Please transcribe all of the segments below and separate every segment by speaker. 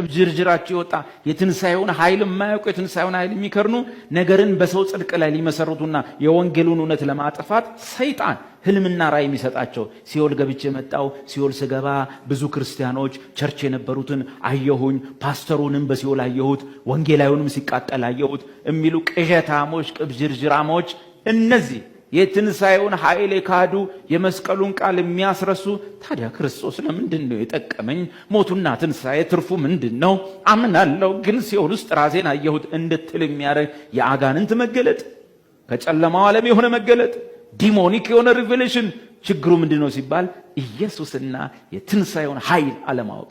Speaker 1: ቅብጅርጅራቸው የወጣ የትንሣኤውን ኃይል የማያውቁ የትንሣኤውን ኃይል የሚከርኑ ነገርን በሰው ጽድቅ ላይ ሊመሰርቱና የወንጌሉን እውነት ለማጥፋት ሰይጣን ህልምና ራይ የሚሰጣቸው ሲኦል ገብቼ መጣው። ሲኦል ስገባ ብዙ ክርስቲያኖች ቸርች የነበሩትን አየሁኝ፣ ፓስተሩንም በሲኦል አየሁት፣ ወንጌላዩንም ሲቃጠል አየሁት የሚሉ ቅዠታሞች፣ ቅብጅርጅራሞች እነዚህ የትንሣኤውን ኃይል የካዱ የመስቀሉን ቃል የሚያስረሱ ታዲያ ክርስቶስ ለምንድን ነው የጠቀመኝ? ሞቱና ትንሣኤ ትርፉ ምንድን ነው? አምናለሁ ግን ሲሆን ውስጥ ራሴን አየሁት እንድትል የሚያደርግ የአጋንንት መገለጥ፣ ከጨለማው ዓለም የሆነ መገለጥ፣ ዲሞኒክ የሆነ ሪቬሌሽን። ችግሩ ምንድን ነው ሲባል ኢየሱስና የትንሣኤውን ኃይል አለማወቅ።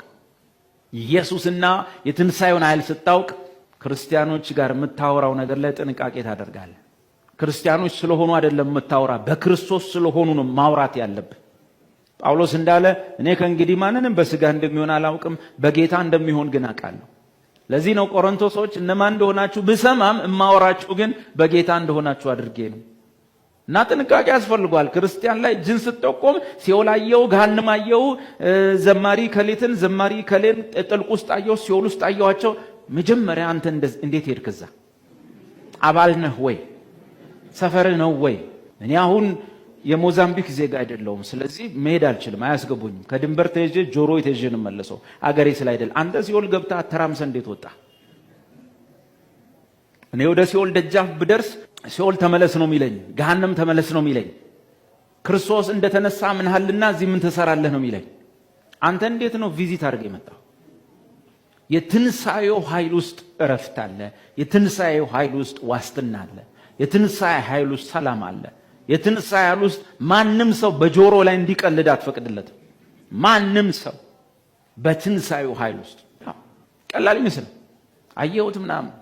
Speaker 1: ኢየሱስና የትንሣኤውን ኃይል ስታውቅ ክርስቲያኖች ጋር የምታወራው ነገር ላይ ጥንቃቄ ታደርጋለህ። ክርስቲያኖች ስለሆኑ አይደለም የምታወራ፣ በክርስቶስ ስለሆኑ ነው ማውራት ያለብህ። ጳውሎስ እንዳለ እኔ ከእንግዲህ ማንንም በስጋ እንደሚሆን አላውቅም፣ በጌታ እንደሚሆን ግን አውቃለሁ። ለዚህ ነው ቆሮንቶሶች እነማን እንደሆናችሁ ብሰማም እማወራችሁ ግን በጌታ እንደሆናችሁ አድርጌ ነው። እና ጥንቃቄ ያስፈልጓል። ክርስቲያን ላይ ጅን ስጠቆም ሲኦል አየው፣ ገሃነም አየው፣ ዘማሪ ከሌትን ዘማሪ ከሌን ጥልቅ ውስጥ አየው፣ ሲኦል ውስጥ አየዋቸው። መጀመሪያ አንተ እንዴት ሄድክ? እዛ አባል ነህ ወይ? ሰፈርህ ነው ወይ? እኔ አሁን የሞዛምቢክ ዜጋ አይደለሁም። ስለዚህ መሄድ አልችልም፣ አያስገቡኝም። ከድንበር ተይዤ ጆሮ ተይዤ ነው የምመለሰው አገሬ ስላይደል። አንተ ሲኦል ገብተህ ተራምሰ እንዴት ወጣ? እኔ ወደ ሲኦል ደጃፍ ብደርስ ሲኦል ተመለስ ነው የሚለኝ፣ ገሃነም ተመለስ ነው የሚለኝ። ክርስቶስ እንደተነሳ ሀልና እዚህ ምን ትሰራለህ ነው የሚለኝ። አንተ እንዴት ነው ቪዚት አድርገህ የመጣው? የትንሣኤው ኃይል ውስጥ እረፍት አለ። የትንሣኤው ኃይል ውስጥ ዋስትና አለ። የትንሣኤ ኃይል ውስጥ ሰላም አለ። የትንሣኤ ኃይል ውስጥ ማንም ሰው በጆሮ ላይ እንዲቀልድ አትፈቅድለትም። ማንም ሰው በትንሣኤው ኃይል ውስጥ ቀላል ይመስል አየሁት ምናምን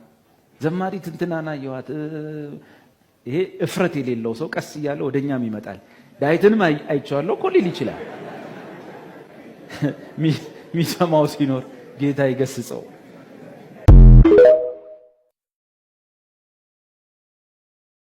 Speaker 1: ዘማሪ እንትናን አየኋት። ይሄ እፍረት የሌለው ሰው ቀስ እያለ ወደኛም ይመጣል። ዳዊትንም አይቼዋለሁ እኮ ሊል ይችላል። የሚሰማው ሲኖር ጌታ ይገስጸው።